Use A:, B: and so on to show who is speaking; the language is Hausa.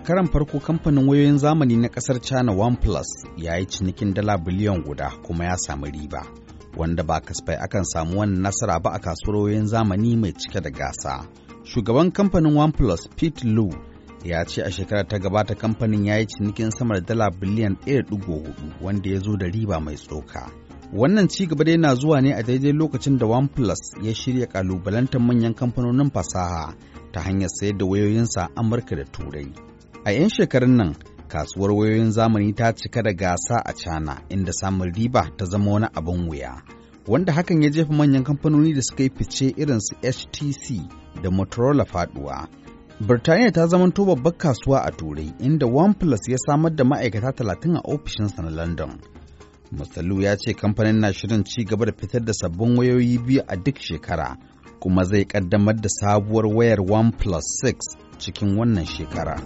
A: A karan farko kamfanin wayoyin zamani na kasar China OnePlus ya yi cinikin dala biliyan guda kuma ya samu riba, wanda ba kasfai akan samu wani nasara ba a kasuwar wayoyin zamani mai cike da gasa. Shugaban kamfanin OnePlus Pete Lu ya ce a shekarar ta gabata kamfanin ya yi cinikin sama da dala biliyan 1.4 wanda ya zo da riba mai tsoka. Wannan ci gaba dai na zuwa ne a daidai lokacin da OnePlus ya shirya kalubalantar manyan kamfanonin fasaha ta hanyar sayar da wayoyinsa Amurka da Turai. A 'yan shekarun nan, kasuwar wayoyin zamani ta cika da gasa a Cana inda samun riba ta zama wani abin wuya. Wanda hakan ya jefa manyan kamfanoni da suka yi fice irin su HTC da Motorola faduwa. Birtaniya ta zamanto babbar kasuwa a Turai inda OnePlus ya samar da ma'aikata talatin a ofishinsa na London. Musalu ya ce kamfanin na shirin ci gaba da fitar da sabbin wayoyi biyu a duk shekara, kuma zai ƙaddamar da sabuwar wayar OnePlus 6 cikin wannan shekara.